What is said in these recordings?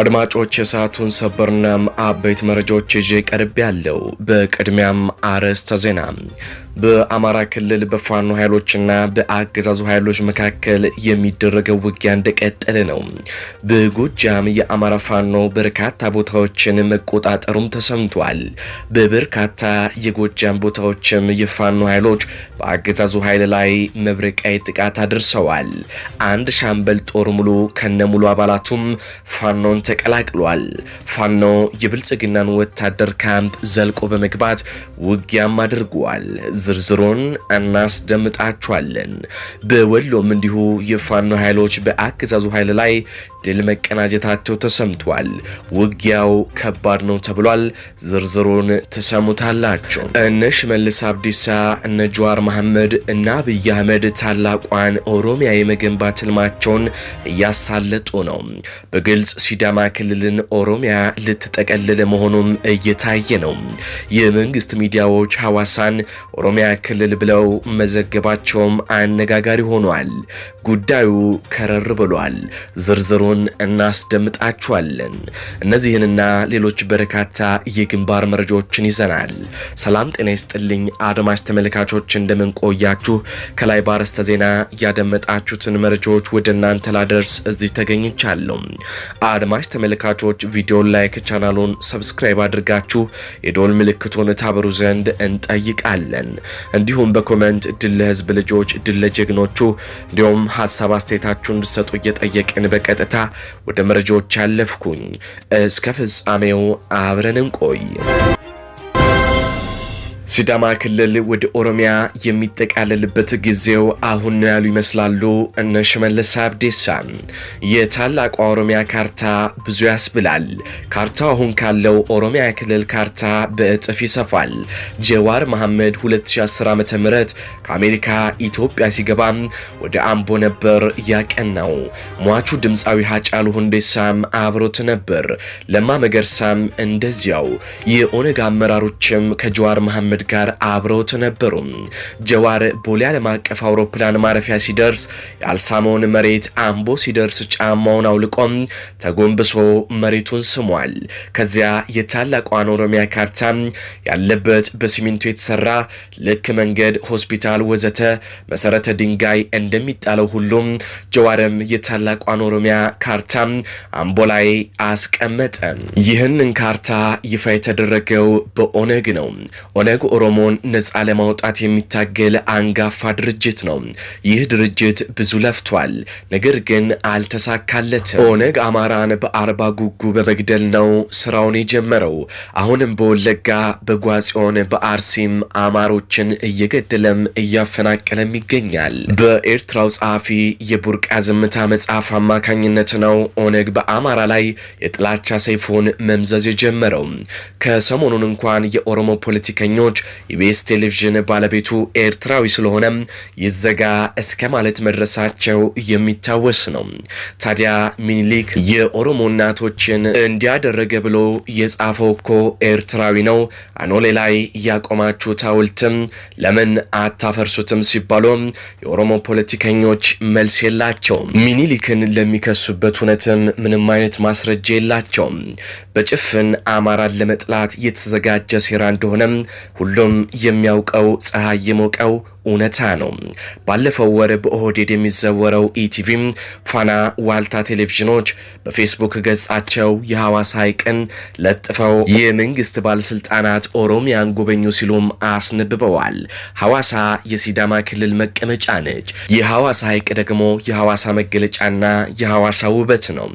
አድማጮች የሰዓቱን ሰበርና አበይት መረጃዎች ይዤ ቀርብ ያለው። በቅድሚያም አርዕስተ ዜና በአማራ ክልል በፋኖ ኃይሎችና በአገዛዙ ኃይሎች መካከል የሚደረገው ውጊያ እንደቀጠለ ነው። በጎጃም የአማራ ፋኖ በርካታ ቦታዎችን መቆጣጠሩም ተሰምቷል። በበርካታ የጎጃም ቦታዎችም የፋኖ ኃይሎች በአገዛዙ ኃይል ላይ መብረቃዊ ጥቃት አድርሰዋል። አንድ ሻምበል ጦር ሙሉ ከነሙሉ አባላቱም ፋኖን ተቀላቅሏል። ፋኖ የብልጽግናን ወታደር ካምፕ ዘልቆ በመግባት ውጊያም አድርጓል። ዝርዝሩን እናስደምጣችኋለን። በወሎም እንዲሁ የፋኖ ኃይሎች በአገዛዙ ኃይል ላይ ድል መቀናጀታቸው ተሰምቷል። ውጊያው ከባድ ነው ተብሏል። ዝርዝሩን ተሰሙታላቸው። እነ ሽመልስ አብዲሳ እነ ጀዋር መሐመድ እና አብይ አህመድ ታላቋን ኦሮሚያ የመገንባት ህልማቸውን እያሳለጡ ነው። በግልጽ ሲዳማ ክልልን ኦሮሚያ ልትጠቀልል መሆኑም እየታየ ነው። የመንግስት ሚዲያዎች ሐዋሳን ኦሮሚያ ክልል ብለው መዘገባቸውም አነጋጋሪ ሆኗል። ጉዳዩ ከረር ብሏል። ዝርዝሩን እናስደምጣችኋለን። እነዚህንና ሌሎች በርካታ የግንባር መረጃዎችን ይዘናል። ሰላም ጤና ይስጥልኝ አድማጭ ተመልካቾች እንደምን እንደምን ቆያችሁ? ከላይ ባርዕስተ ዜና ያደመጣችሁትን መረጃዎች ወደ እናንተ ላደርስ እዚህ ተገኝቻለሁ። አድማጭ ተመልካቾች ቪዲዮን ላይክ፣ ቻናሉን ሰብስክራይብ አድርጋችሁ የዶል ምልክቱን ታብሩ ዘንድ እንጠይቃለን። እንዲሁም በኮመንት ድል ለህዝብ ልጆች፣ ድል ለጀግኖቹ እንዲሁም ሀሳብ አስተያየታችሁን እንድሰጡ እየጠየቅን በቀጥታ ወደ መረጃዎች ያለፍኩኝ እስከ ፍጻሜው አብረን እንቆይ። ሲዳማ ክልል ወደ ኦሮሚያ የሚጠቃለልበት ጊዜው አሁን ነው ያሉ ይመስላሉ እነ ሽመልስ አብዲሳ። የታላቋ ኦሮሚያ ካርታ ብዙ ያስብላል። ካርታው አሁን ካለው ኦሮሚያ ክልል ካርታ በእጥፍ ይሰፋል። ጀዋር መሐመድ 2010 ዓ ም ከአሜሪካ ኢትዮጵያ ሲገባ ወደ አምቦ ነበር ያቀናው። ሟቹ ድምፃዊ ሀጫሉ ሁንዴሳም አብሮት ነበር። ለማ መገርሳም እንደዚያው። የኦነግ አመራሮችም ከጀዋር መሐመድ መንገድ ጋር አብረውት ነበሩ። ጀዋር ቦሌ ዓለም አቀፍ አውሮፕላን ማረፊያ ሲደርስ ያልሳመውን መሬት አምቦ ሲደርስ ጫማውን አውልቆም ተጎንብሶ መሬቱን ስሟል። ከዚያ የታላቋን ኦሮሚያ ካርታ ያለበት በሲሚንቶ የተሰራ ልክ መንገድ፣ ሆስፒታል፣ ወዘተ መሰረተ ድንጋይ እንደሚጣለው ሁሉም ጀዋርም የታላቋን ኦሮሚያ ካርታ አምቦ ላይ አስቀመጠ። ይህንን ካርታ ይፋ የተደረገው በኦነግ ነው። ኦነግ ኦሮሞን ነጻ ለማውጣት የሚታገል አንጋፋ ድርጅት ነው። ይህ ድርጅት ብዙ ለፍቷል፣ ነገር ግን አልተሳካለትም። ኦነግ አማራን በአርባ ጉጉ በመግደል ነው ስራውን የጀመረው። አሁንም በወለጋ በጓጽዮን በአርሲም አማሮችን እየገደለም እያፈናቀለም ይገኛል። በኤርትራው ጸሐፊ የቡርቃ ዝምታ መጽሐፍ አማካኝነት ነው ኦነግ በአማራ ላይ የጥላቻ ሰይፉን መምዘዝ የጀመረው። ከሰሞኑን እንኳን የኦሮሞ ፖለቲከኞች ዘገባዎች ኢቢኤስ ቴሌቪዥን ባለቤቱ ኤርትራዊ ስለሆነ ይዘጋ እስከ ማለት መድረሳቸው የሚታወስ ነው። ታዲያ ሚኒሊክ የኦሮሞ እናቶችን እንዲያደረገ ብሎ የጻፈው እኮ ኤርትራዊ ነው። አኖሌ ላይ ያቆማችሁት ሐውልትም ለምን አታፈርሱትም ሲባሉ የኦሮሞ ፖለቲከኞች መልስ የላቸውም። ሚኒሊክን ለሚከሱበት እውነትም ምንም አይነት ማስረጃ የላቸውም። በጭፍን አማራን ለመጥላት የተዘጋጀ ሴራ እንደሆነም ሁሉም የሚያውቀው ፀሐይ የሞቀው እውነታ ነው። ባለፈው ወር በኦህዴድ የሚዘወረው ኢቲቪ ፋና፣ ዋልታ ቴሌቪዥኖች በፌስቡክ ገጻቸው የሐዋሳ ሐይቅን ለጥፈው የመንግስት ባለስልጣናት ኦሮሚያን ጎበኙ ሲሉም አስነብበዋል። ሐዋሳ የሲዳማ ክልል መቀመጫ ነች። የሐዋሳ ሐይቅ ደግሞ የሐዋሳ መገለጫና የሐዋሳ ውበት ነው።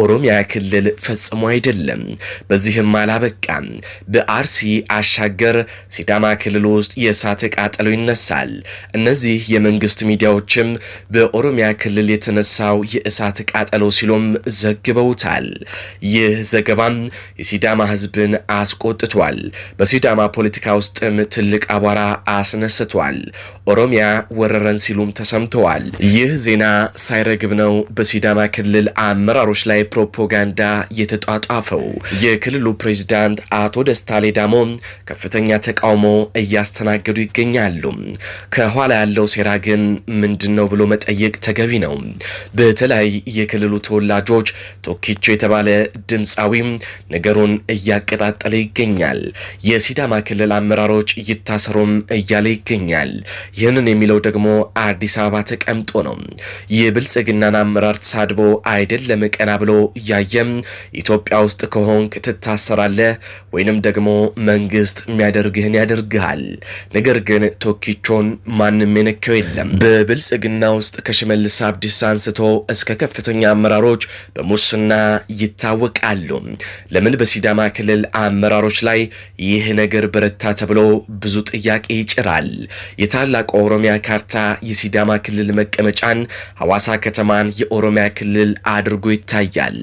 ኦሮሚያ ክልል ፈጽሞ አይደለም። በዚህም አላበቃም። በአርሲ አሻገር ሲዳማ ክልል ውስጥ የእሳት ቃጠሎ ይነሳል። ይገልጻል። እነዚህ የመንግስት ሚዲያዎችም በኦሮሚያ ክልል የተነሳው የእሳት ቃጠሎ ሲሉም ዘግበውታል። ይህ ዘገባም የሲዳማ ህዝብን አስቆጥቷል። በሲዳማ ፖለቲካ ውስጥም ትልቅ አቧራ አስነስቷል። ኦሮሚያ ወረረን ሲሉም ተሰምተዋል። ይህ ዜና ሳይረግብ ነው በሲዳማ ክልል አመራሮች ላይ ፕሮፓጋንዳ የተጧጧፈው። የክልሉ ፕሬዚዳንት አቶ ደስታ ሌዳሞ ከፍተኛ ተቃውሞ እያስተናገዱ ይገኛሉ። ከኋላ ያለው ሴራ ግን ምንድን ነው ብሎ መጠየቅ ተገቢ ነው። በተለይ የክልሉ ተወላጆች ቶኪቾ የተባለ ድምፃዊም ነገሩን እያቀጣጠለ ይገኛል። የሲዳማ ክልል አመራሮች ይታሰሩም እያለ ይገኛል። ይህንን የሚለው ደግሞ አዲስ አበባ ተቀምጦ ነው። የብልጽግናን አመራር ተሳድቦ አይደለም ቀና ብሎ እያየም ኢትዮጵያ ውስጥ ከሆንክ ትታሰራለህ ወይንም ደግሞ መንግስት የሚያደርግህን ያደርግሃል። ነገር ግን ቶኪቾ እሳቸውን ማንም የነካው የለም። በብልጽግና ውስጥ ከሽመልስ አብዲስ አንስቶ እስከ ከፍተኛ አመራሮች በሙስና ይታወቃሉ። ለምን በሲዳማ ክልል አመራሮች ላይ ይህ ነገር በረታ ተብሎ ብዙ ጥያቄ ይጭራል። የታላቁ ኦሮሚያ ካርታ የሲዳማ ክልል መቀመጫን ሐዋሳ ከተማን የኦሮሚያ ክልል አድርጎ ይታያል።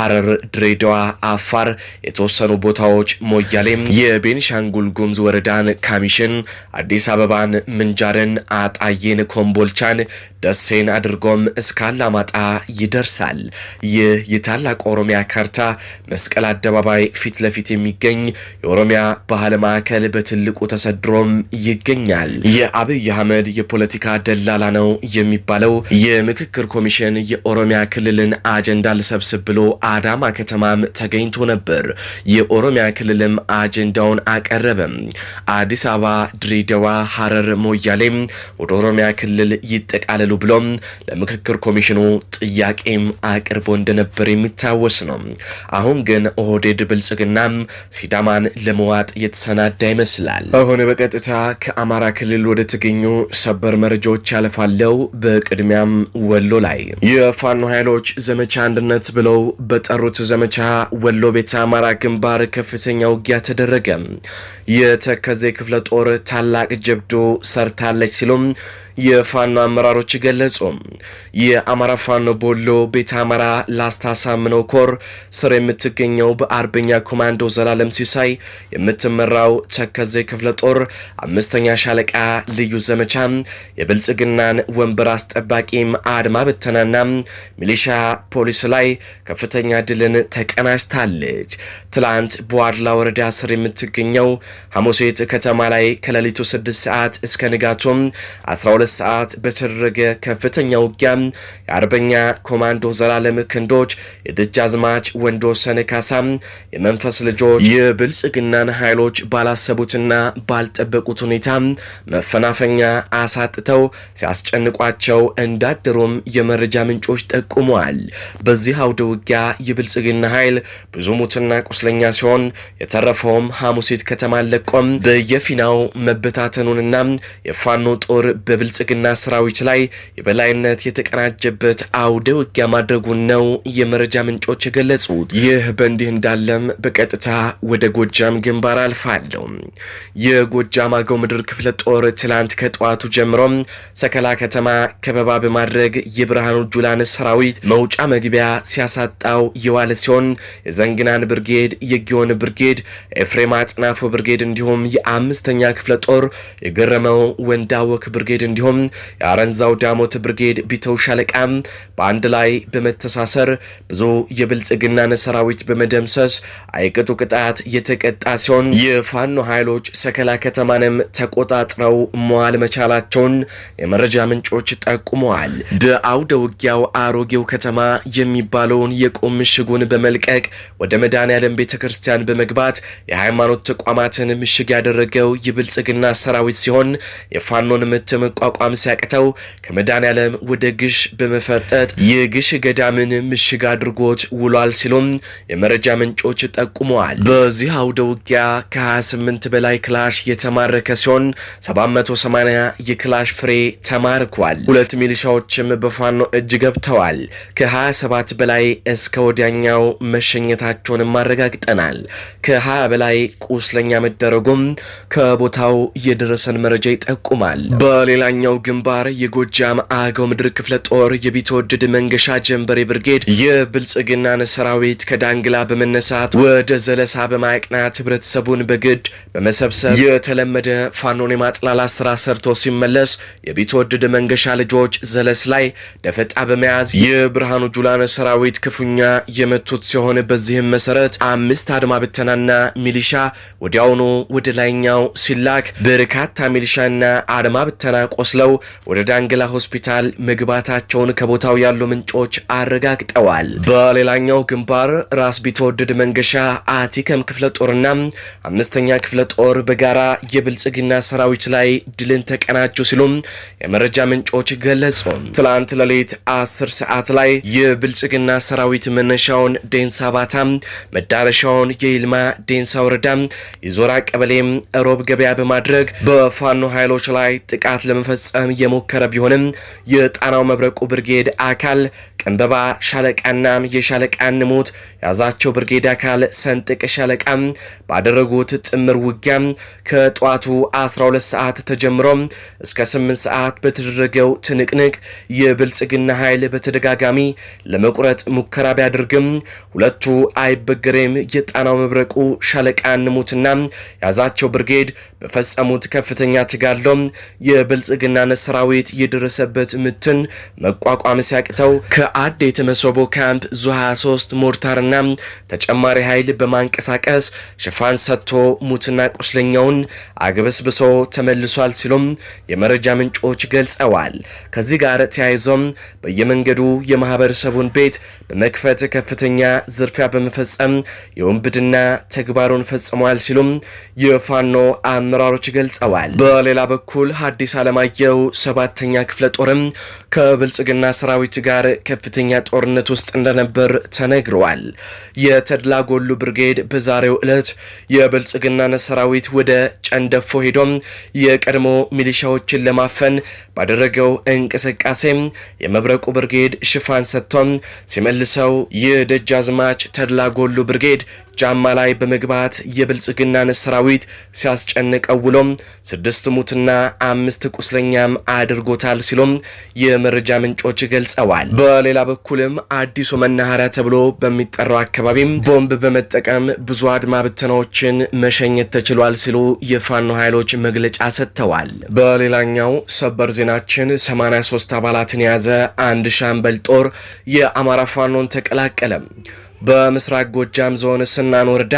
ሐረር፣ ድሬዳዋ፣ አፋር፣ የተወሰኑ ቦታዎች ሞያሌም፣ የቤንሻንጉል ጉሙዝ ወረዳን፣ ካሚሽን፣ አዲስ አበባን ምንጃርን፣ አጣዬን፣ ኮምቦልቻን ደሴን አድርጎም እስከ አላማጣ ይደርሳል። ይህ የታላቅ ኦሮሚያ ካርታ መስቀል አደባባይ ፊት ለፊት የሚገኝ የኦሮሚያ ባህል ማዕከል በትልቁ ተሰድሮም ይገኛል። የአብይ አህመድ የፖለቲካ ደላላ ነው የሚባለው የምክክር ኮሚሽን የኦሮሚያ ክልልን አጀንዳ ልሰብስብ ብሎ አዳማ ከተማም ተገኝቶ ነበር። የኦሮሚያ ክልልም አጀንዳውን አቀረበም። አዲስ አበባ፣ ድሬዳዋ፣ ሐረር፣ ሞያሌም ወደ ኦሮሚያ ክልል ይጠቃለሉ ብሎም ለምክክር ኮሚሽኑ ጥያቄም አቅርቦ እንደነበር የሚታወስ ነው። አሁን ግን ኦህዴድ ብልጽግና ሲዳማን ለመዋጥ እየተሰናዳ ይመስላል። አሁን በቀጥታ ከአማራ ክልል ወደ ተገኙ ሰበር መረጃዎች ያለፋለው። በቅድሚያም ወሎ ላይ የፋኖ ኃይሎች ዘመቻ አንድነት ብለው በጠሩት ዘመቻ ወሎ ቤተ አማራ ግንባር ከፍተኛ ውጊያ ተደረገ። የተከዜ ክፍለ ጦር ታላቅ ጀብዶ ሰርታለች ሲሉም የፋኖ አመራሮች ገለጹ። የአማራ ፋኖ ቦሎ ቤተ አማራ ላስታሳምነው ኮር ስር የምትገኘው በአርበኛ ኮማንዶ ዘላለም ሲሳይ የምትመራው ተከዜ ክፍለ ጦር አምስተኛ ሻለቃ ልዩ ዘመቻ የብልጽግናን ወንበር አስጠባቂም አድማ በተናና ሚሊሻ ፖሊስ ላይ ከፍተኛ ድልን ተቀናጅታለች። ትላንት በዋድላ ወረዳ ስር የምትገኘው ሐሙሴት ከተማ ላይ ከሌሊቱ 6 ሰዓት እስከ ንጋቱም 12 ሁለት ሰዓት በተደረገ ከፍተኛ ውጊያ የአርበኛ ኮማንዶ ዘላለም ክንዶች፣ የደጃዝማች ወንዶ ሰነካሳ፣ የመንፈስ ልጆች የብልጽግናን ኃይሎች ባላሰቡትና ባልጠበቁት ሁኔታ መፈናፈኛ አሳጥተው ሲያስጨንቋቸው እንዳደሩም የመረጃ ምንጮች ጠቁመዋል። በዚህ አውደ ውጊያ የብልጽግና ኃይል ብዙ ሙትና ቁስለኛ ሲሆን የተረፈውም ሐሙሴት ከተማ ለቆም በየፊናው መበታተኑንና የፋኖ ጦር በብልጽ በብልጽግና ሰራዊት ላይ የበላይነት የተቀናጀበት አውደ ውጊያ ማድረጉን ነው የመረጃ ምንጮች የገለጹት። ይህ በእንዲህ እንዳለም በቀጥታ ወደ ጎጃም ግንባር አልፋለሁ። የጎጃም አገው ምድር ክፍለ ጦር ትላንት ከጠዋቱ ጀምሮም ሰከላ ከተማ ከበባ በማድረግ የብርሃኑ ጁላን ሰራዊት መውጫ መግቢያ ሲያሳጣው የዋለ ሲሆን የዘንግናን ብርጌድ፣ የጊዮን ብርጌድ፣ ኤፍሬም አጽናፎ ብርጌድ እንዲሁም የአምስተኛ ክፍለ ጦር የገረመው ወንዳወክ ብርጌድ እንዲሁም እንዲሁም የአረንዛው ዳሞት ብርጌድ ቢተው ሻለቃ በአንድ ላይ በመተሳሰር ብዙ የብልጽግናን ሰራዊት በመደምሰስ አይቅጡ ቅጣት የተቀጣ ሲሆን የፋኖ ኃይሎች ሰከላ ከተማንም ተቆጣጥረው መዋል መቻላቸውን የመረጃ ምንጮች ጠቁመዋል። በአውደ ውጊያው አሮጌው ከተማ የሚባለውን የቁም ምሽጉን በመልቀቅ ወደ መድኃኔዓለም ቤተ ክርስቲያን በመግባት የሃይማኖት ተቋማትን ምሽግ ያደረገው የብልጽግና ሰራዊት ሲሆን የፋኖን ምት መቋ መቋቋም ሲያቅተው ከመድኃኔዓለም ወደ ግሽ በመፈርጠጥ የግሽ ገዳምን ምሽግ አድርጎት ውሏል ሲሉም የመረጃ ምንጮች ጠቁመዋል። በዚህ አውደ ውጊያ ከ28 በላይ ክላሽ የተማረከ ሲሆን 780 የክላሽ ፍሬ ተማርኳል። ሁለት ሚሊሻዎችም በፋኖ እጅ ገብተዋል። ከ27 በላይ እስከ ወዲያኛው መሸኘታቸውንም አረጋግጠናል። ከ20 በላይ ቁስለኛ መደረጉም ከቦታው የደረሰን መረጃ ይጠቁማል። በሌላ ሌላኛው ግንባር የጎጃም አገው ምድር ክፍለ ጦር የቢትወደድ መንገሻ ጀንበሬ ብርጌድ የብልጽግናን ሰራዊት ከዳንግላ በመነሳት ወደ ዘለሳ በማቅናት ህብረተሰቡን በግድ በመሰብሰብ የተለመደ ፋኖን የማጥላላት ስራ ሰርቶ ሲመለስ የቢትወደድ መንገሻ ልጆች ዘለስ ላይ ደፈጣ በመያዝ የብርሃኑ ጁላን ሰራዊት ክፉኛ የመቱት ሲሆን በዚህም መሰረት አምስት አድማ ብተናና ሚሊሻ ወዲያውኑ ወደ ላይኛው ሲላክ በርካታ ሚሊሻና አድማ ብተና ቆ ቆስለው ወደ ዳንግላ ሆስፒታል መግባታቸውን ከቦታው ያሉ ምንጮች አረጋግጠዋል። በሌላኛው ግንባር ራስ ቢትወደድ መንገሻ አቲከም ክፍለ ጦርና አምስተኛ ክፍለ ጦር በጋራ የብልጽግና ሰራዊት ላይ ድልን ተቀናጁ ሲሉም የመረጃ ምንጮች ገለጹ። ትላንት ሌሊት አስር ሰዓት ላይ የብልጽግና ሰራዊት መነሻውን ዴንሳ ባታ፣ መዳረሻውን የይልማ ዴንሳ ወረዳ የዞራ ቀበሌም ሮብ ገበያ በማድረግ በፋኖ ኃይሎች ላይ ጥቃት ለመፈ ለመፈጸም የሞከረ ቢሆንም የጣናው መብረቁ ብርጌድ አካል ቀንበባ ሻለቃና የሻለቃን ሞት ያዛቸው ብርጌድ አካል ሰንጥቅ ሻለቃ ባደረጉት ጥምር ውጊያ ከጠዋቱ 12 ሰዓት ተጀምሮ እስከ 8 ሰዓት በተደረገው ትንቅንቅ የብልጽግና ኃይል በተደጋጋሚ ለመቁረጥ ሙከራ ቢያደርግም ሁለቱ አይበገሬም የጣናው መብረቁ ሻለቃን ሞትና ያዛቸው ብርጌድ በፈጸሙት ከፍተኛ ትጋድሎ የብልጽግ የብልጽግናነት ሰራዊት የደረሰበት ምትን መቋቋም ሲያቅተው ከአዴት መሶቦ ካምፕ ዙ 23 ሞርታርና ተጨማሪ ኃይል በማንቀሳቀስ ሽፋን ሰጥቶ ሙትና ቁስለኛውን አግበስብሶ ተመልሷል ሲሉም የመረጃ ምንጮች ገልጸዋል። ከዚህ ጋር ተያይዞም በየመንገዱ የማህበረሰቡን ቤት በመክፈት ከፍተኛ ዝርፊያ በመፈጸም የወንብድና ተግባሩን ፈጽመዋል ሲሉም የፋኖ አመራሮች ገልጸዋል። በሌላ በኩል ሐዲስ አለማ የቆየው ሰባተኛ ክፍለ ጦርም ከብልጽግና ሰራዊት ጋር ከፍተኛ ጦርነት ውስጥ እንደነበር ተነግረዋል። የተድላ ጎሉ ብርጌድ በዛሬው ዕለት የብልጽግናን ሰራዊት ወደ ጨንደፎ ሄዶም የቀድሞ ሚሊሻዎችን ለማፈን ባደረገው እንቅስቃሴም የመብረቁ ብርጌድ ሽፋን ሰጥቶም ሲመልሰው ይህ ደጃዝማች ተድላ ጎሉ ብርጌድ ጃማ ላይ በመግባት የብልጽግናን ሰራዊት ሲያስጨንቀው ውሎም ስድስት ሙትና አምስት ቁስለኛም አድርጎታል ሲሎም የመረጃ ምንጮች ገልጸዋል። በሌላ በኩልም አዲሱ መናኸሪያ ተብሎ በሚጠራው አካባቢም ቦምብ በመጠቀም ብዙ አድማ ብተናዎችን መሸኘት ተችሏል ሲሉ የፋኖ ኃይሎች መግለጫ ሰጥተዋል። በሌላኛው ሰበር ዜናችን 83 አባላትን የያዘ አንድ ሻምበል ጦር የአማራ ፋኖን ተቀላቀለም። በምስራቅ ጎጃም ዞን ስናን ወረዳ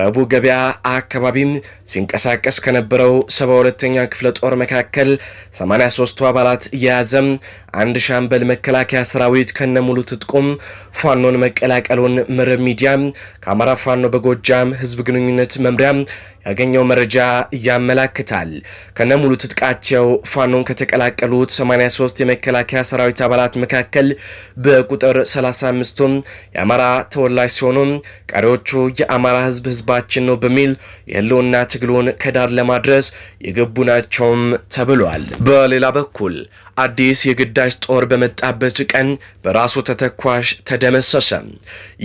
ረቡ ገበያ አካባቢም ሲንቀሳቀስ ከነበረው 72ኛ ክፍለ ጦር መካከል 83ቱ አባላት የያዘም አንድ ሻምበል መከላከያ ሰራዊት ከነሙሉ ትጥቁም ፋኖን መቀላቀሉን መረብ ሚዲያ ከአማራ ፋኖ በጎጃም ህዝብ ግንኙነት መምሪያ ያገኘው መረጃ ያመላክታል። ከነሙሉ ትጥቃቸው ፋኖን ከተቀላቀሉት 83 የመከላከያ ሰራዊት አባላት መካከል በቁጥር 35ቱም የአማራ ተወላጅ ሲሆኑ ቀሪዎቹ የአማራ ህዝብ ህዝባችን ነው በሚል የህልውና ትግሉን ከዳር ለማድረስ የገቡ ናቸውም ተብሏል። በሌላ በኩል አዲስ የግዳጅ ጦር በመጣበት ቀን በራሱ ተተኳሽ ተደመሰሰ።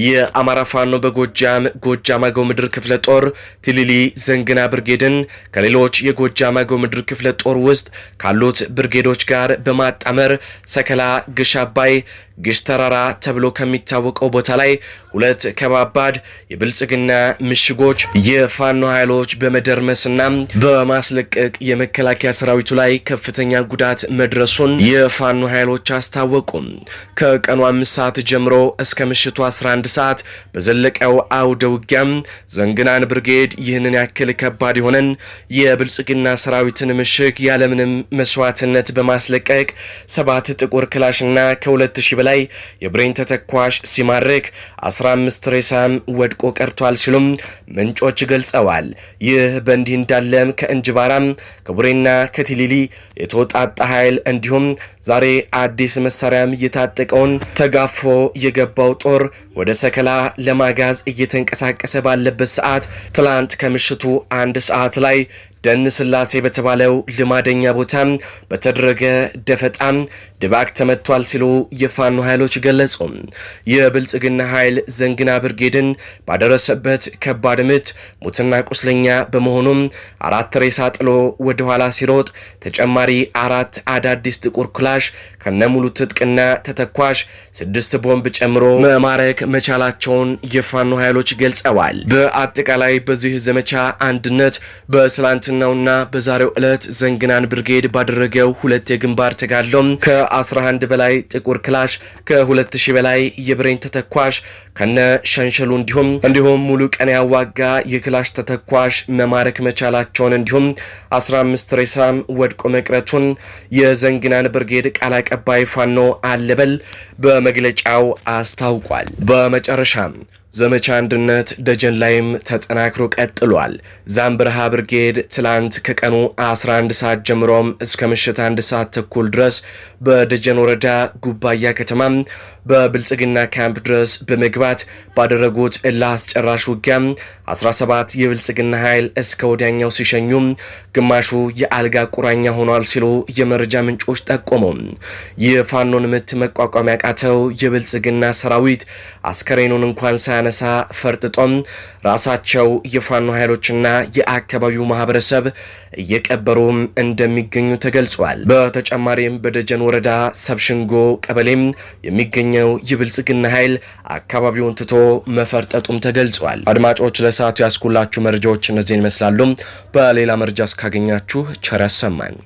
የአማራ ፋኖ በጎጃም ጎጃም አገው ምድር ክፍለ ጦር ትልሊ ዘንግና ብርጌድን ከሌሎች የጎጃም አገው ምድር ክፍለ ጦር ውስጥ ካሉት ብርጌዶች ጋር በማጣመር ሰከላ ግሻባይ፣ ግሽ ተራራ ተብሎ ከሚታወቀው ቦታ ላይ ሁለት ከባባድ የብልጽግና ምሽጎች የፋኖ ኃይሎች በመደርመስና በማስለቀቅ የመከላከያ ሰራዊቱ ላይ ከፍተኛ ጉዳት መድረሱን የፋኖ ኃይሎች አስታወቁ። ከቀኑ አምስት ሰዓት ጀምሮ እስከ ምሽቱ 11 ሰዓት በዘለቀው አውደ ውጊያም ዘንግናን ብርጌድ ይህንን ያክል ከባድ የሆነን የብልጽግና ሰራዊትን ምሽግ ያለምንም መስዋዕትነት በማስለቀቅ ሰባት ጥቁር ክላሽና ከ2000 በላይ የብሬን ተተኳሽ ሲማርክ 15 ሬሳም ወድቆ ቀርቷል ሲሉም ምንጮች ገልጸዋል። ይህ በእንዲህ እንዳለም ከእንጅባራም ከቡሬና ከቲሊሊ የተወጣጣ ኃይል እንዲሁም ዛሬ አዲስ መሳሪያም የታጠቀውን ተጋፎ የገባው ጦር ወደ ሰከላ ለማጋዝ እየተንቀሳቀሰ ባለበት ሰዓት ትላንት ከምሽቱ አንድ ሰዓት ላይ ደን ስላሴ በተባለው ልማደኛ ቦታ በተደረገ ደፈጣ ድባቅ ተመቷል ሲሉ የፋኖ ኃይሎች ገለጹ። የብልጽግና ኃይል ዘንግና ብርጌድን ባደረሰበት ከባድ ምት ሙትና ቁስለኛ በመሆኑም አራት ሬሳ ጥሎ ወደኋላ ሲሮጥ ተጨማሪ አራት አዳዲስ ጥቁር ኩላሽ ከነሙሉ ትጥቅና ተተኳሽ ስድስት ቦምብ ጨምሮ መማረክ መቻላቸውን የፋኖ ኃይሎች ገልጸዋል። በአጠቃላይ በዚህ ዘመቻ አንድነት በስላንት በትናንትናውና በዛሬው ዕለት ዘንግናን ብርጌድ ባደረገው ሁለት የግንባር ተጋድሎም ከ11 በላይ ጥቁር ክላሽ ከ2000 በላይ የብሬን ተተኳሽ ከነ ሸንሸሉ እንዲሁም እንዲሁም ሙሉ ቀን ያዋጋ የክላሽ ተተኳሽ መማረክ መቻላቸውን እንዲሁም 15 ሬሳም ወድቆ መቅረቱን የዘንግናን ብርጌድ ቃል አቀባይ ፋኖ አለበል በመግለጫው አስታውቋል። በመጨረሻም ዘመቻ አንድነት ደጀን ላይም ተጠናክሮ ቀጥሏል። ዛምብርሃ ብርጌድ ትላንት ከቀኑ 11 ሰዓት ጀምሮም እስከ ምሽት አንድ ሰዓት ተኩል ድረስ በደጀን ወረዳ ጉባያ ከተማ በብልጽግና ካምፕ ድረስ በመግባት ባደረጉት እልህ አስጨራሽ ውጊያ 17 የብልጽግና ኃይል እስከ ወዲያኛው ሲሸኙ፣ ግማሹ የአልጋ ቁራኛ ሆኗል ሲሉ የመረጃ ምንጮች ጠቆሙ። የፋኖን ምት መቋቋም ያቃተው የብልጽግና ሰራዊት አስከሬኑን እንኳን ሲያነሳ ፈርጥጦም ራሳቸው የፋኖ ኃይሎችና የአካባቢው ማህበረሰብ እየቀበሩም እንደሚገኙ ተገልጿል። በተጨማሪም በደጀን ወረዳ ሰብሽንጎ ቀበሌም የሚገኘው የብልጽግና ኃይል አካባቢውን ትቶ መፈርጠጡም ተገልጿል። አድማጮች ለሰዓቱ ያስኩላችሁ መረጃዎች እነዚህን ይመስላሉ። በሌላ መረጃ እስካገኛችሁ ቸር ያሰማን።